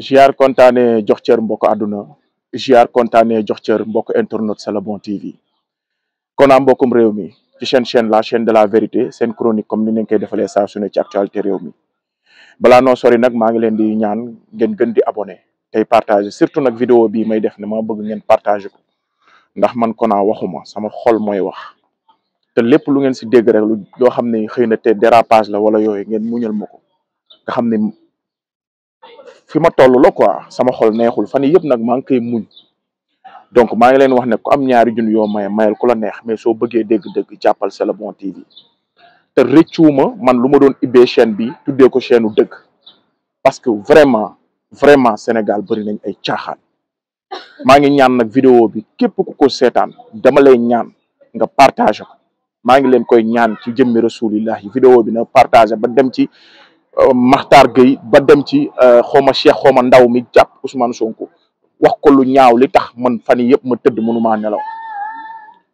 ziar kontaanee jox cër mbokk àdduna ziar kontaanee jox cër mbokk internet c'est le TV kon am mbokkum réew mi ci seen chaîne la chaîne de la vérité seen chronique comme ni ñu koy defalee saa su ne ci actualité réew mi balaa noo sori nag maa ngi leen di ñaan ngeen gën di abonné tey partage surtout nag vidéo bii may def ne ma bëgg ngeen partager ko ndax man konaa waxuma sama xol mooy wax te lépp lu ngeen si dégré rek xam ne xëy na te dérapage la wala yooyu ngeen muñal ma ko fi ma toll la quoi sama xol neexul fan yii yëpp nag maa ngi koy muñ donc maa ngi leen wax ne am ñaari junni yoo maye mayal ku la neex mais soo bëggee dégg-dégg jàppal c'est le bon TV te rëccuwuma man lu ma doon ubbee chaîne bi tuddee ko chaîne u dëgg parce que vraiment vraiment Sénégal bëri nañ ay caaxaan maa ngi ñaan nag vidéo bi képp ku ko seetaan dama lay ñaan nga partage maa ngi leen koy ñaan ci jëmmi rasulillahi vidéo bi na partage ba dem ci Makhtar Gueye ba dem ci euh, xawma Cheikh xawma ndaw mi jàpp Ousmane Sonko wax ko lu ñaaw li tax man fan yii yëpp ma tëdd mënumaa nelaw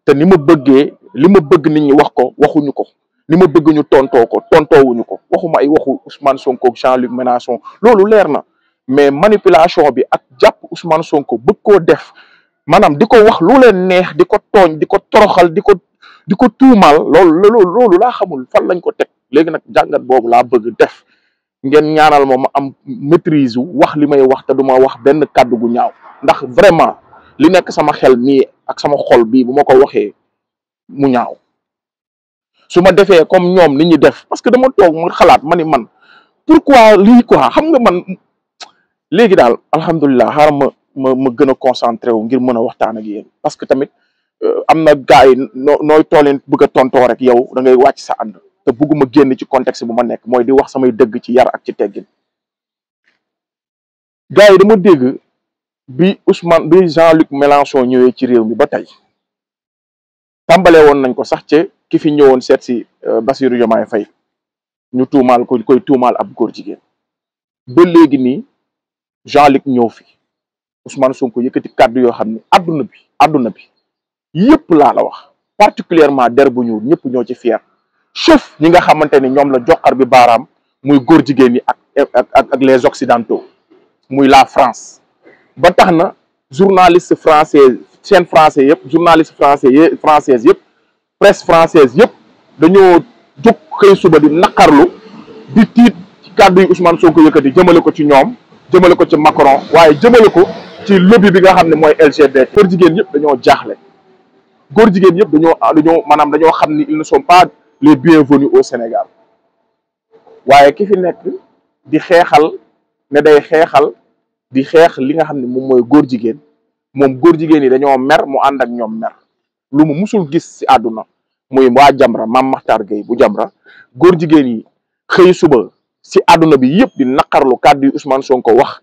te ni ma bëggee li ma bëgg nit wax ko waxuñu ko li ma bëgg ñu tontoo ko tontoowuñu ko waxuma ay waxu Ousmane Sonko ak Jean-Luc loolu leer na mais manipulation bi ak jàpp Ousmane Sonko bëgg koo def maanaam di ko wax lu leen neex di ko toñ di ko toroxal di ko di ko tuumaal loolu loolu loolu laa xamul fan lañ ko teg léegi nag jàngat boobu laa bëgg def. ngeen ñaanal ma ma am maîtrise wax limay wax te duma wax ben kaddu gu ñaaw ndax vraiment li nek sama xel nii ak sama xol bi bu ma ko mu ñaaw suma defé comme ñom ni ñi def parce que dama tok mu xalaat mani man pourquoi li quoi xam nga man légui dal alhamdullilah xaaral ma ma ma gën concentré wu ngir mëna waxtaan ak yeen parce que tamit euh, am na gars yi bëgg tonto rek yow da ngay wacc sa and te bëgguma génn ci contexte bu ma nekk moy di wax samay dëgg ci yar ak ci teggin gaay dama dégg bi Ousmane bi Jean-Luc Mélenchon ñëwé ci réew mi ba tay tambalé won nañ ko sax ci ki fi ñëwoon sét ci euh, Bassirou Diomaye Fay ñu tuumal ko koy tuumal ab gor jigen ba légui ni Jean-Luc ñëw fi Ousmane Sonko yëkëti kaddu yo xamni aduna bi aduna bi yépp la la wax particulièrement der bu ñu ñëpp ñoo ci fier chef ñi nga xamante ni ñoom la joxar bi baaraam muy góor jigéen ñi ak ak ak les occidentaux muy la France ba tax na journaliste français chaîne français yëpp journaliste français yë française yëpp presse française yëpp dañoo jóg xëy suba di naqarlu di tiit ci kàddu yi Ousmane Sonko yëkkati jëmale ko ci ñoom jëmale ko ci Macron waaye jëmale ko ci lobby bi nga xam ne mooy LGBT. góor jigéen yëpp dañoo jaaxle góor jigéen yëpp dañoo dañoo maanaam dañoo xam ni ils ne sont pas. les bienvenus au Sénégal waaye ki fi nek di xéxal né day xéxal di xéx li nga xam mom moy gor jigen mom gor jigen ni dañoo mer mu and ak ñom mer lu mu musul gis ci aduna moy wa Jamra mam Makhtar gay bu Jamra gurjigeni, jigen yi xey suba ci aduna bi yépp di nakarlu kaddu Ousmane Sonko wax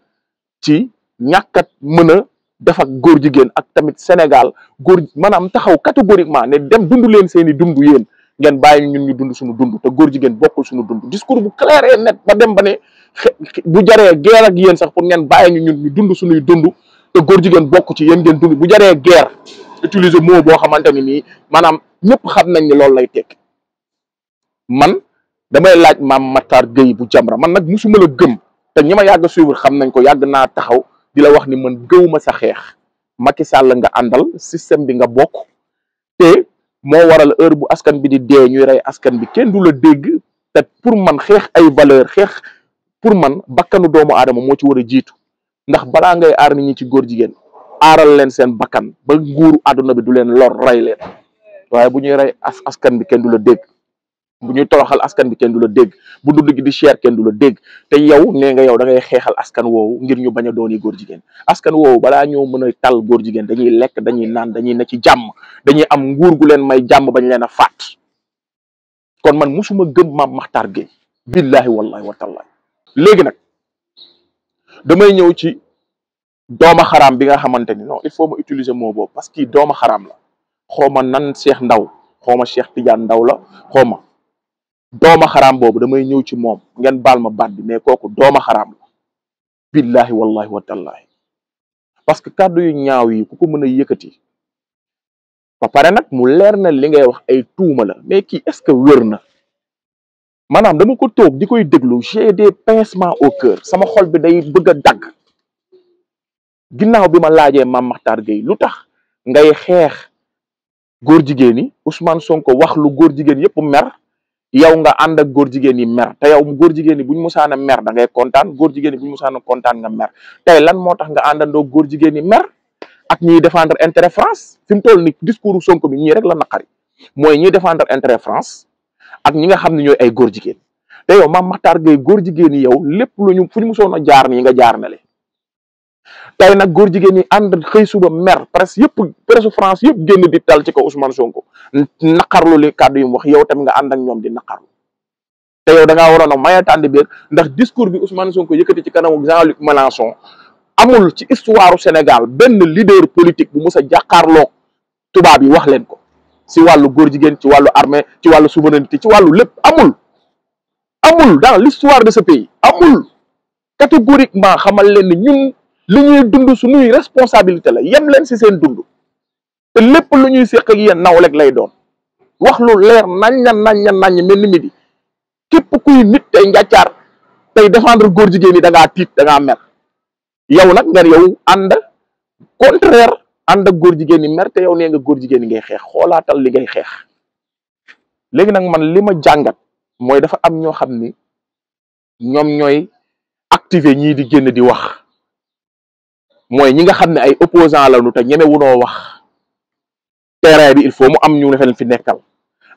ci ñakkat mëna def ak gor jigen ak tamit Sénégal gor manam taxaw catégoriquement ne dem dundulen seeni dundu yeen ngeen bayang ñun ñu dund suñu dund te góor jigen bokkul suñu dund discours bu clair et net ba dem ba ne bu jare guerre ak yeen sax pour ngeen bàyyi ñun ñu dund suñu dund te góor jigen bokk ci yeen ngeen dund bu jare guerre utiliser mot bo xamanteni ni manam ñepp xam nañ ni lool lay tek man damay laaj mam Matar geey bu Jamra man nag musuma la gem te ñima yag suivre xam nañ ko yag na taxaw di wax ni man geewuma sa xex Macky Sall nga andal système bi nga bok te moo waral heure bu askan bi di dee ñuy rey askan bi kenn du la dégg te pour man xeex ay valeur xeex pour man bakkanu doomu aadama moo ci war a jiitu ndax balaa ngay aar nit ñi ci góor jigéen aaral leen seen bakkan ba nguuru àdduna bi du leen lor rey leen waaye bu ñuy rey askan bi kenn du la dégg bu ñuy toroxal askan bi kenn du la dégg bu dund gi di cher kenn du la dégg te yow nee nga yow da xeexal askan woowu ngir ñu baña a dooni góor jigéen askan woowu bala ñoo mën a tal góor jigéen dañuy lekk dañuy naan dañuy ne ci jàmm dañuy am nguur gu leen may jàmm bañ leen a faat kon man musuma gëm Mame Makhtar Gueye billahi wallahi wa tallahi léegi nag damay ñëw ci dooma xaram bi nga xamante ni non il faut ma utiliser moo boobu parce que dooma xaraam la xaw ma nan Cheikh Ndaw xaw ma Cheikh Tidiane Ndaw la xaw ma dooma xaraam boobu damay ñëw ci moom ngeen baal ma baat bi mais kooku dooma xaram la billahi wallahi wa tallahi parce que kàddu yu ñaaw yi ku ko mën a yëkkati ba pare nag mu leer na li ngay wax ay tuuma la mais kii est-ce que wér na maanaam dama ko toog di koy déglu j'ai des pincements au cœur sama xol bi day bëgg a dagg ginnaaw bi ma laajee mam maxtar Gueye lu tax ngay xeex góor jigéen yi Ousmane ko wax lu góor jigéen yëpp mer yow nga and ak gor jigen ni mer te yow gor jigen ni buñ mer da ngay kontan gor jigen ni buñ kontan na nga mer tay lan motax nga andando gor jigen ni mer ak ñi défendre intérêt France fim toll ni discours Sonko bi ñi rek la nakari moy ñi défendre intérêt France ak ñi nga xamni ñoy ay gor jigen te yow ma Makhtar Gueye gor jigen ni yow lepp luñu fuñ musona jaar ni nga jaar na le tey nag góor jigéen ñi ànd xëy suba mer presse yëpp presse France yëpp génn di dal ci ko Ousmane Sonko naqarlu li kàddu yi wax yow tamit nga ànd ak ñoom di naqarlu te yow da ngaa waroon a maye tànd biir ndax discours bi Ousmane Sonko yëkkati ci kanamu Jean-Luc Mélenchon amul ci histoire Sénégal benn leader politique bu mës a jàkkaarloo tubaab yi wax leen ko si wàllu góor jigéen ci wàllu armée ci wàllu souveraineté ci wàllu lépp amul amul dans l'histoire de ce pays li ñuy dund suñuy responsabilité la yam leen si seen dund te lépp lu ñuy séq ak yéen nawleeg lay doon wax lu leer nañña nañña naññ mel ni midi képp kuy nit tey njàccaar tey défendre góor jigéen yi da ngaa tiit da ngaa mer yow nag ngar yow ànd contraire ànd ak góor jigéen mer te yow nee nga góor jigéen yi ngay xeex xoolaatal li ngay xeex léegi nag man li ma jàngat mooy dafa am ñoo xam ni ñoom ñooy activé ñii di génn di wax mooy ñi nga xam ne ay opposant la ñu te ñeme wunoo wax terrain bi il faut mu am ñu ne leen fi nekkal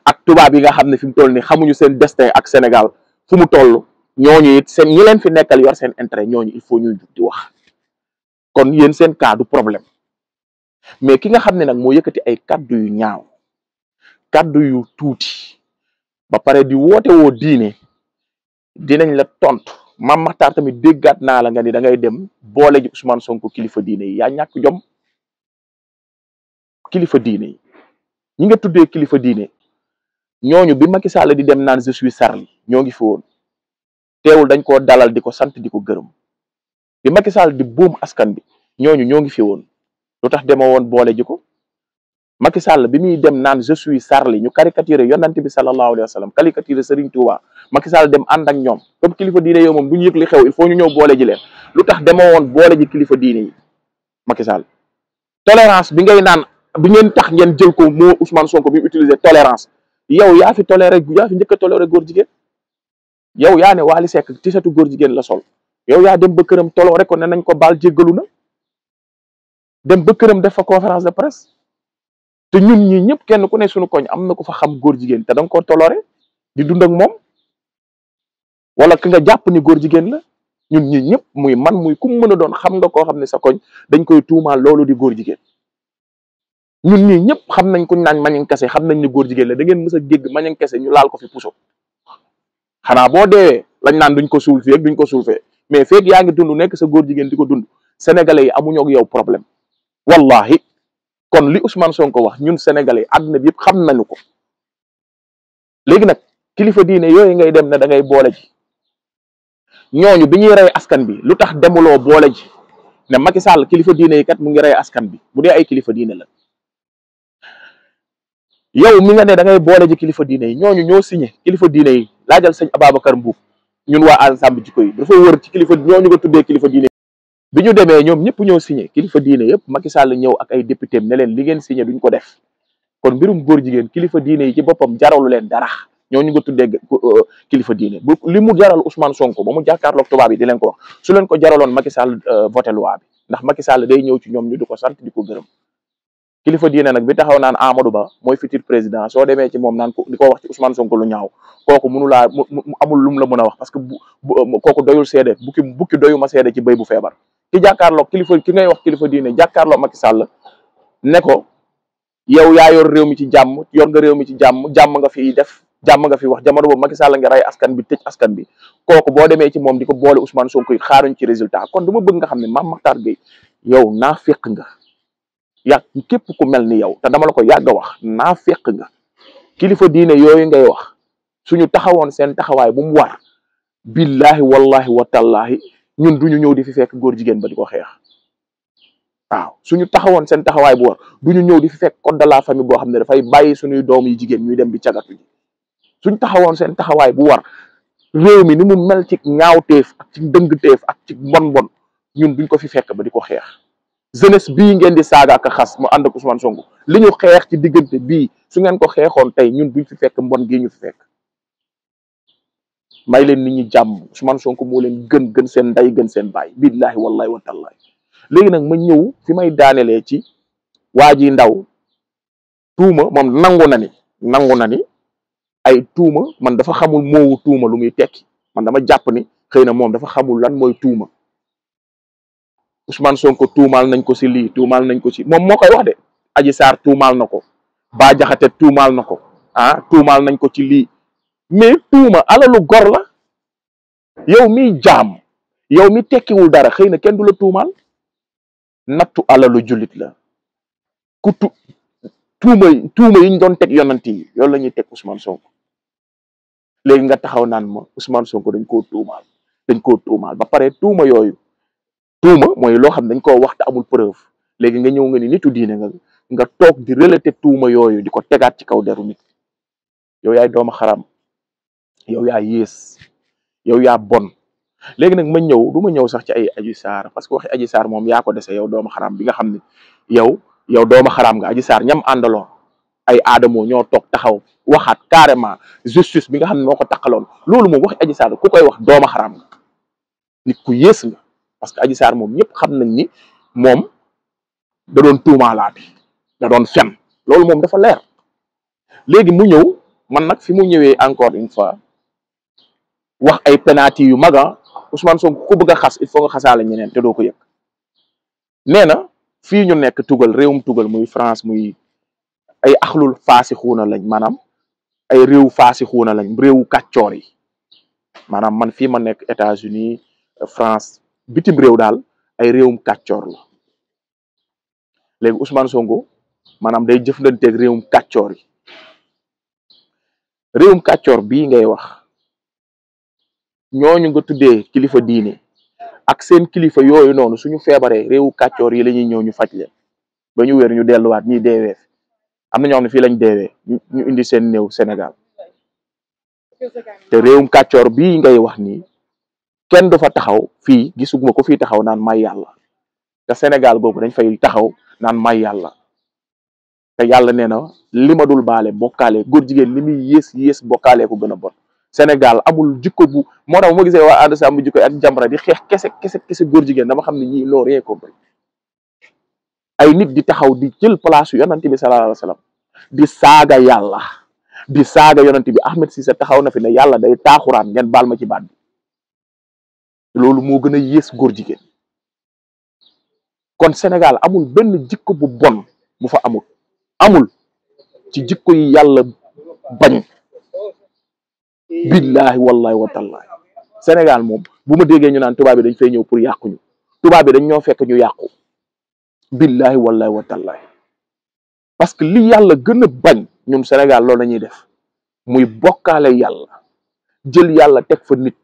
ak tubaab yi nga xam ne fi mu toll ni xamuñu seen destin ak Sénégal fu mu toll ñooñu it seen ñi leen fi nekkal yor seen intérêt ñooñu il faut ñuy jug di wax kon yéen seen kaadu problème mais ki nga xam ne nag moo yëkkati ay kaddu yu ñaaw kaddu yu tuuti ba pare di woote woo diine dinañ la tontu. Mame Makhtar tamit déggaat naa la nga ni da ngay dem boole ji Ousmane Sonko kilifa diine yi yaa ñàkk jom kilifa diine yi ñi nga tuddee kilifa diine ñooñu bi Macky Sall di dem naan je suis Charlie ñoo ngi fi woon teewul dañ koo dalal di ko sant di ko gërëm bi Macky Sall di buum askan bi ñooñu ñoo ngi fi woon lu tax demoo woon boole ji ko Macky Sall bi muy dem naan je suis Sarli ñu caricaturé yonante bi sallallahu alayhi wa sallam caricaturé Serigne Touba Macky Sall dem ànd ak ñoom comme kilifa diine yow moom du ñu yëg li xew il faut ñu ñëw boole ji leen lu tax demoo woon boole ji kilifa diine yi Macky Sall tolérance bi ngay naan bi ngeen tax ngeen jël ko moo Ousmane Sonko bi utiliser tolérance yow yaa fi toléré yaa fi njëkk a toléré góor jigéen yow yaa ne Wally ti setu góor jigéen la sol yow yaa dem ba këram toloo rek ko ne nañ ko baal jéggalu na dem ba këram def fa conférence de presse te ñun ñii ñëpp kenn ku ne suñu koñ am na ko fa xam góor jigéen te da nga ko tolore di dund ak moom wala ki nga jàpp ni góor jigéen la ñun ñii ñëpp muy man muy ku mën a doon xam nga koo xam ne sa koñ dañ koy tuumaal loolu di góor jigéen ñun ñi ñëpp xam nañ kuñ naan mañan kese xam nañ ne góor jigéen la da ngeen mës a gégg mañan kese ñu laal ko fi puso xanaa boo deewee lañ naan duñ ko suul fii duñ ko suul fee mais feeg yaa ngi dund nekk sa góor jigéen di ko dund sénégalais yi amuñu ak yow problème wallahi kon li Ousmane Sonko wax ñun sénégalais àdduna bi yëpp xam nañu ko légui nak kilifa diiné yoy ngay dem na da ngay bolé ji ñoñu biñuy ray askan bi lutax demulo bolé ji né Macky Sall kilifa diiné kat mu ngi ray askan bi bu dee ay kilifa diiné la yow mi nga né da ngay bolé ji kilifa diiné ñoñu ño signé kilifa diiné lajal laajal ababakar mbou ñun waa ensemble jikko yi dafa wër ci kilifa ñoñu ko tuddé kilifa diiné bi ñu demee ñoom ñëpp ñëw signé kilifa diine yëpp Macky Sall ñëw ak ay député ne leen li ngeen signé duñ ko def kon mbirum góor jigéen kilifa diine yi ci boppam jaralu leen dara ñu nga tuddee euh, kilifa diine bu li mu jaral Ousmane Sonko ba mu jàkkaarloog tubaab yi di leen ko wax su leen ko jaraloon Macky Sall euh, voté loi bi ndax Macky Sall day ñëw ci ñoom ñu di ko sant di ko gërëm kilifa diine nag bi taxaw naan Amadou Ba mooy futur président soo demee ci moom naan ko di ko wax ci Ousmane lu ñaaw kooku mënu laa amul lum la mën a wax parce que bu kooku doyul seede bukki bukki doyuma seede ci béy bu feebar ki jàkkaarloo kilifa ki ngay wax kilifa diine jàkkaarloo Macky Sall ne ko yow yaa yor réew mi ci jàmm yor nga réew mi ci jàmm jàmm nga fi def jàmm nga fi wax jamono boobu Macky Sall nga rey askan bi tëj askan bi kooku boo demee ci moom di ko boole Ousmane Sonko yi xaaruñ ci résultat kon dama bëgg nga xam ne Mame Makhtar Gueye yow naa fekk nga yàgg képp ku mel ni yow te dama la ko yàgg wax naa fekk nga kilifa diine yooyu ngay wax suñu taxawoon seen taxawaay bu mu war billahi wallahi wa tallahi ñun duñu ñëw di fi fekk goor jigen ba diko xex waaw suñu taxawon seen taxaway bu war duñu ñëw di fi fekk code de la famille boo xam doom yi jigen ñuy dem bi ciagatu ji suñ sen seen bu war réew mi ni mu mel ci ñaawteef ak ci teef ak ci bon-bon ñun duñ ko fi fekk ba diko xex xeex jeunesse bii ngeen di saga ak khas mu and ko Ousmane songu liñu xex ci digënté bi su ngeen ko tay ñun duñ fi fekk mbon gi ñu fekk may leen nit ñi jàmm Ousmane Sonko moo leen gën gën seen nday gën seen baay billahi wallahi wa tallahi léegi nag ma ñëw fi may daanelee ci waa ji ndaw tuuma moom nangu na ni nangu na ni ay tuuma man dafa xamul moowu tuuma lu muy tekki man dama jàpp ni xëy na moom dafa xamul lan mooy tuuma Ousmane Sonko tuumaal nañ ko si lii tuumaal nañ ko si moom moo koy wax de Adji Sarr tuumaal na ko Bah Diakhaté tuumaal na ko ah tuumaal nañ ko ci lii mais tuuma alalu gor la yow mi jaam yow mi tekkiwul dara xëy na kenn du la tuumaal nattu alalu jullit la ku tu tuuma tuuma yi doon teg yonant yi yow teg Ousmane Sonko léegi nga taxaw naan ma Ousmane Sonko dañ koo tuumaal dañ koo tuumaal ba pare tuuma yooyu tuuma mooy loo xam dañ koo wax amul preuve léegi nga ñëw nga ni nitu diine nga nga toog di relater tuuma yooyu di ko tegaat ci kaw deru nit yow yaay dooma xaram yow yaa yées yow yaa bon léegi nag ma ñëw du ma ñëw sax ci ay aji saar parce que waxi aji saar moom yaa ko dese yow doomu xaraam bi nga xam ne yow yow doomu xaraam nga aji saar ñam àndaloo ay aadamoo ñoo toog taxaw waxaat carrément justice bi nga xam ne moo ko taqaloon loolu moom waxi aji saar ku koy wax doomu xaraam nit ku yées parce que aji saar moom ñëpp xam nañ ni moom da doon tuumaalaate da doon fen loolu moom dafa leer léegi mu ñëw man nag fi mu ñëwee encore une fois wax ay penalty yu mag ah Ousmane Sonko ku bëgg a xas il faut nga xasaale ñeneen te doo ko yëg nee na fii ñu nekk tugal réewum tugal muy France muy ay axlul fasi xuuna lañ maanaam ay réew faasi xuuna lañ réewu kàccoor yi maanaam man fii ma nekk États-Unis France bitim réew daal ay réewum kàccoor la léegi Ousmane Sonko maanaam day jëflanteeg réewum kàccoor yi réewum kàccoor bi ngay wax. ñooñu nga tuddee kilifa diine ak seen kilifa yooyu noonu suñu feebaree réewu kàccoor yi lañuy ñëw ñu faj leen ba ñu wér ñu delluwaat ñi deewee am na ñoo xam ne fii lañ deewee ñu indi seen néew senegal te réewum kàccoor bii ngay wax ni kenn dafa taxaw fii gisuguma ko fii taxaw naan may yàlla te Sénégal boobu dañ fay taxaw naan may yàlla te yàlla nee na li ma dul baale bokkaale góor jigéen li muy yées yées bokkaale ko gën a bon Sénégal amul jikko bu moo tax bu gisee waa ànd sàmm jikko ak Jamra di xeex kese kese kese góor jigéen dama xam ne ñii loo rien compris ay nit di taxaw di jël place yu yonante bi sallallahu alayhi di saaga yàlla di saaga yonante bi Ahmed Cissé taxaw na fi ne yàlla day taaxuraan ngeen baal ma ci baat bi loolu moo gën a yées góor jigéen kon Sénégal amul benn jikko bu bon bu fa amul amul ci jikko yi yàlla bañ billaahi wallahi watallaahi Sénégal moom bu ma déggee ñu naan tubaab bi dañ fay ñëw pour yàqu tubaab yi dañ ñoo fekk ñu yàqu billaahi wallahi watallaahi parce que li yàlla gën a bañ ñun Sénégal loolu la ñuy def muy bokkaale yàlla jël yàlla teg fa nit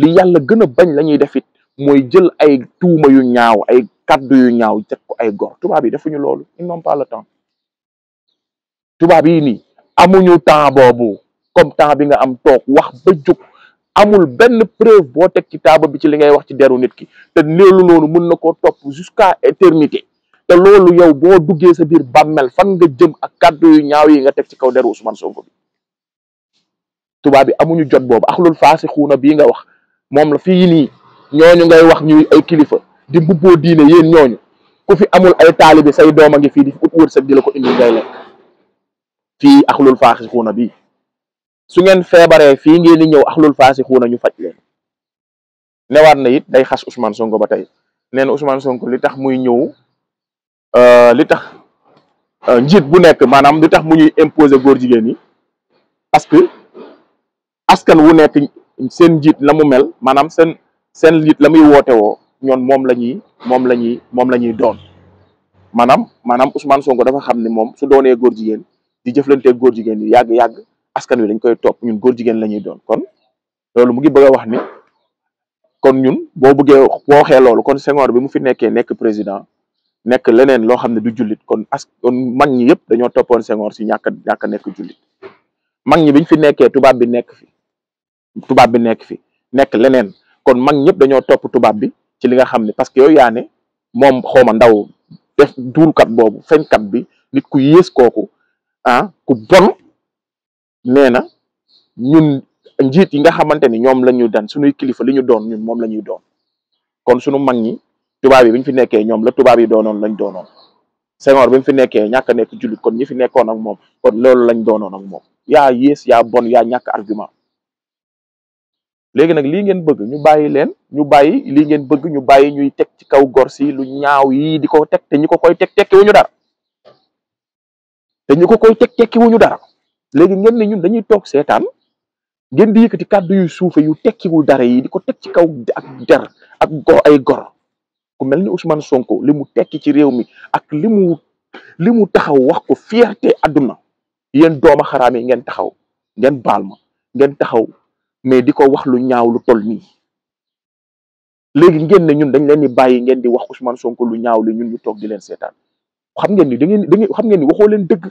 li yàlla gën a bañ la ñuy def it mooy jël ay tuuma yu ñaaw ay kàddu yu ñaaw teg ko ay gor tubaab yi defuñu loolu ils n'ont pas le temps tubaab yi nii amuñu temps boobu comme temps bi nga am toog wax ba jub amul benn preuve boo teg ci taaba bi ci li ngay wax ci deru nit ki te loolu noonu mën na koo topp jusqu'à éternité te loolu yow boo duggee sa biir bàmmel fan nga jëm ak kàddu yu ñaaw yi nga teg ci kaw deru Ousmane Sonko bi tubaab bi amuñu jot boobu axlul faasi xuuna bii nga wax moom la fii nii ñooñu ngay wax ñuy ay kilifa di mbubboo diine yéen ñooñu ku fi amul ay taalibe say doom a ngi fii di ut wërsëg di la ko indi ngay lekk fii bii su ngeen feebaree fii ngeen di ñëw axlul faasixuuna ñu faj leen newaat na it day xas Ousmane Sonko ba tey nee na Ousmane Sonko li tax muy ñëw euh, li tax euh, njiit bu nekk maanaam li tax mu ñuy imposer góor jigéen yi parce askan wu nekk seen njiit na mu mel maanaam seen seen njiit la muy woote woo ñoon moom la ñuy moom la moom la ñuy doon maanaam maanaam Ousmane Sonko dafa xam ni moom su doonee góor jigéen di jëflante góor jigéen yi yàgg-yàgg askan wi dañ koy topp ñun góor jigéen la ñuy doon kon loolu mu ngi bëgg wax ni kon ñun boo bëggee boo loolu kon Senghor bi mu fi nekkee nekk président nekk leneen loo xam ne du jullit kon as kon mag ñi yëpp dañoo toppoon Senghor si ñàkk ñàkk a nekk mag ñi biñ fi nekkee tubaab bi nekk fi tubaab bi nekk fi nekk leneen kon mag ñëpp dañoo topp tubaab bi ci li nga xam ne parce que yooyu yaa ne moom xooma ndaw def duulkat boobu feñkat bi nit ku yées kooku ah ku bon nee na ñun njiit yi nga xamante ni ñoom la ñu dan suñuy kilifa li ñu doon ñun moom la ñuy doon kon suñu mag ñi tubaab yi bi ñu fi nekkee ñoom la tubaab yi doonoon lañ doonoon Senghor ba ñu fi nekkee ñàkk a nekk jullit kon ñi fi nekkoon ak moom kon loolu lañ doonoon ak moom yaa yées yaa bon yaa ñàkk argument léegi nag lii ngeen bëgg ñu bàyyi leen ñu bàyyi lii ngeen bëgg ñu bàyyi ñuy teg ci kaw gor si lu ñaaw yi di ko teg te ñu ko koy teg tekki wuñu dara te ko koy teg tekki ñu dara léegi ngeen ne ñun dañuy toog seetaan ngeen di yëkkati kàddu yu suufe yu tekkiwul dara yi di ko teg ci kaw ak der ak gor ay gor ku mel ni Ousmane Sonko li mu tekki ci réew mi ak li mu li mu taxaw wax ko fierté àdduna yéen dooma xaraam yi ngeen taxaw ngeen baal ma ngeen taxaw mais di ko wax lu ñaaw lu tol nii léegi ngeen ne ñun dañ leen di bàyyi ngeen di wax Ousmane Sonko lu ñaaw li ñun ñu toog di leen seetaan xam ngeen ni da ngeen da xam ngeen ni waxoo leen dëgg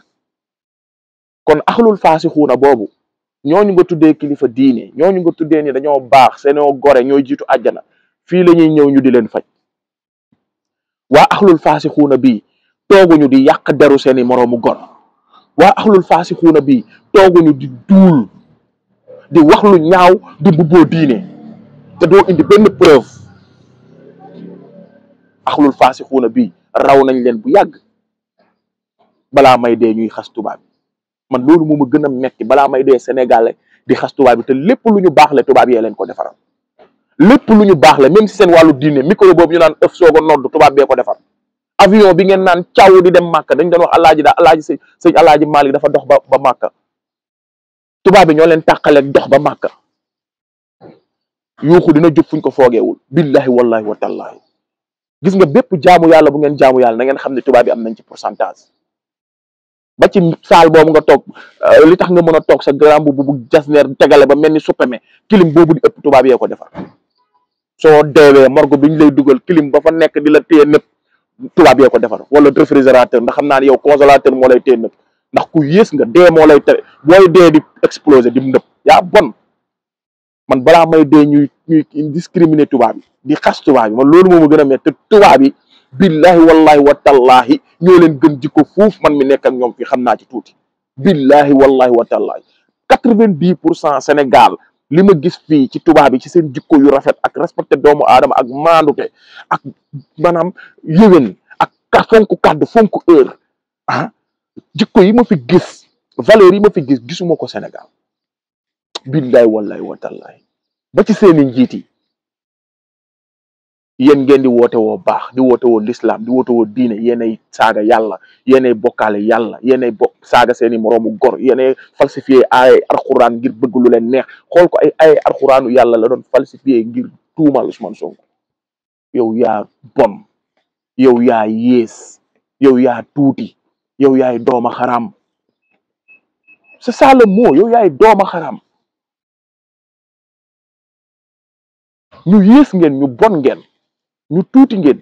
kon axlul xuuna boobu ñooñu nga tuddee kilifa diine ñooñu nga tuddee ni dañoo baax seenoo gore ñooy jiitu àjjana fii lañuy ñëw ñu di leen faj waa axlul faasixuuna bii tooguñu di yàq deru seeni moroomu gor waa axlul faasixuuna bii tooguñu di duul di wax lu ñaaw di mbubboo diine te doo indi benn preuve axlul xuuna bi raw nañ leen bu yàgg balaa may dee ñuy xas tubaab man loolu moo ma gën a metti balaa may dee sénégalais di xas tubaab bi te lépp lu ñu baax le tubaab yee leen ko defaral lépp lu ñu baax le même si seen wàllu diine micro boobu ñu naan ëf soo ko nodd tubaab bee ko defar avion bi ngeen naan caaw di dem màkk dañ doon wax alaaji daa alaaji sëñ sëñ alaaji Malick dafa dox ba ba màkk tubaab bi ñoo leen tàqaleeg dox ba màkk yuuxu dina jóg fuñ ko foogeewul billahi wallahi wa tallahi gis nga bépp jaamu yàlla bu ngeen jaamu yàlla na ngeen xam ne tubaab bi am nañ ci pourcentage ba ci saal boobu nga toog euh, li tax nga mën a toog sa garambu bu jasneer tegale ba mel ni suppeme kilim boobu di ëpp tubaab yee ko defar soo deewee morgue bi ñu lay dugal kilim ba fa nekk di la téye nëpp tubaab yee ko defar wala réfrigérateur ndax xam naa ne yow congélateur moo lay téye nëpp ndax ku yées nga dee moo lay tere booy di exploser di nëpp yaa bon man balaa may dee ñuy ñuy discriminer tubaab yi di xas tubaab yi man loolu moo ma gën a métti te yi billahi wallahi wa tallahi ñoo leen gën jikko fuuf man mi nekk ak ñoom fii xam naa ci tuuti billahi wallahi wa tallahi quatre-vingt-dix pour cent Sénégal li ma gis fii ci tubaab yi ci seen jikko yu rafet ak respecté doomu aadama ak maandute ak maanaam yëwén ak fonk kàddu fonk heure ah jikko yi ma fi gis valeur yi ma fi gis gisuma ko Sénégal billahi wallahi wa tallahi ba ci seeni njiit yi yéen ngeen di woote baax di woote woo lislaam di woote woo diine yéenay saaga yàlla yéenay bokkaale yàlla yéenay saaga seeni moroomu gor yéenay falsifié ay alxuraan ngir bëgg lu leen neex xool ko ay ay alxuraanu yàlla la doon falsifié ngir tuumaal Ousmane Sonko yow yaa bon yow yaa yées yow yaa tuuti yow yaay dooma xaraam c'est ça le mot yaay dooma xaraam ñu yées ngeen ñu bon ngeen ñu tuuti ngeen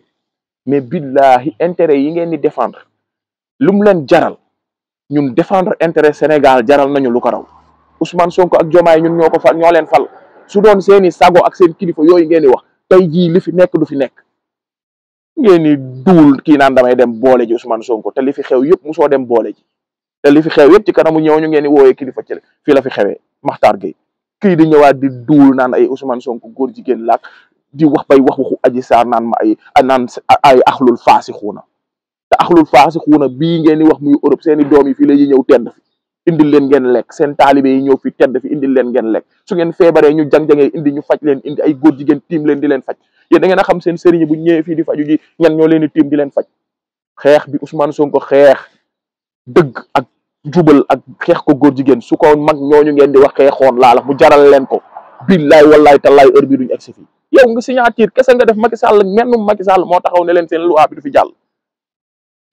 mais billahi intérêt yi ngeen ni défendre lum leen jaral ñun défendre intérêt Sénégal jaral nañu lu ko raw Ousmane Sonko ak Diomaye ñun ñoko fa ño leen fal su doon seeni sago ak seen kilifa yoy ngeen ni wax tay ji li fi nekk du fi nekk ngeen ni dul ki naan damay dem boole ji Ousmane Sonko te li fi xew yëpp muso dem boole ji te li fi xew yëpp ci kanamu ñew ñu ngeen di woyé kilifa ci fi la fi xewé Makhtar gay ki di ñëwaat di duul naan ay Ousmane Sonko góor jigéen laak di wax bay wax waxu aji saar naan ma ay naan ay axlul faasixuuna te axlul faasixuuna bii ngeen di wax muy Europe seen i doom yi fii la ñuy ñëw tedd fi indil leen ngeen lekk seen taalibe yi ñëw fi tedd fi indil leen ngeen lekk su ngeen feebaree ñu jang-jangee indi ñu faj leen indi ay góor jigéen tiim leen di leen faj yéen da ngeen a xam seen sëriñ bu ñëwee fii di faju gi ñan ñoo leen di tiim di leen faj xeex bi Ousmane Sonko xeex dëgg ak jubal ak xeex ko góor jigéen su ko mag ñooñu ngeen di wax xeexoon laala mu jaral leen ko billaay wallaay tallaay heure bi duñu egsi fii yow nga signature kese nga def Macky Sall mennum Macky Sall moo taxaw ne leen seen loi bi du fi jàll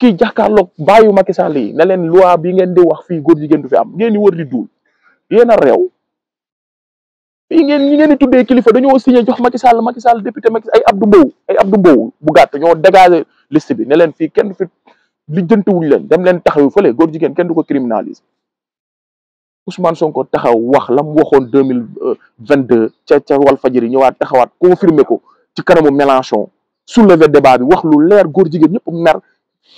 kii jàkkaarloog bàyyu Macky Sall yi ne leen loi bi ngeen di wax fii góor jigéen du fi am ngeen di wër di duul yen a réew fii ngeen ñi ngeen di tuddee kilifa dañoo signé jox Macky Sall Macky Sall député Macky ay Abdou Mbow ay Abdou Mbow bu gàtt ñoo dégagé liste bi ne leen fii kenn du fi lijjantiwuñ leen dem leen taxawu fële góor jigéen kenn du ko criminaliser Ousmane Sonko taxaw wax la mu waxoon deux mille vingt deux ca ca Walfadjri ñëwaat taxawaat confirmer ko ci kanamu Mélenchon soulever débat bi wax lu leer góor jigéen ñëpp mer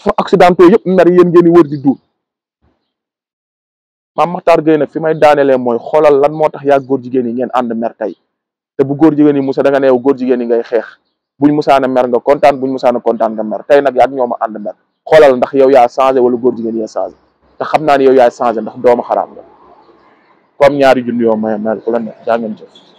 fa accidentaux yëpp mer yéen ngeen di wër di duur maam Makhtar Gueye nag fi may daanelee mooy xoolal lan moo tax yaa góor jigéen yi ngeen ànd mer tey te bu góor jigéen yi musa da nga neew góor jigéen yi ngay xeex buñ musaana mer nga kontaan buñ musaana kontaan nga mer tey nag yaa ak ñoom a ànd mer yow yaa changé wala góor jigéen yaa changé te xam naa ne yow yaa changé ndax doomu xaraam nga comme am ñaari junni yoo maye mel ko la ne jaa ngeen jëf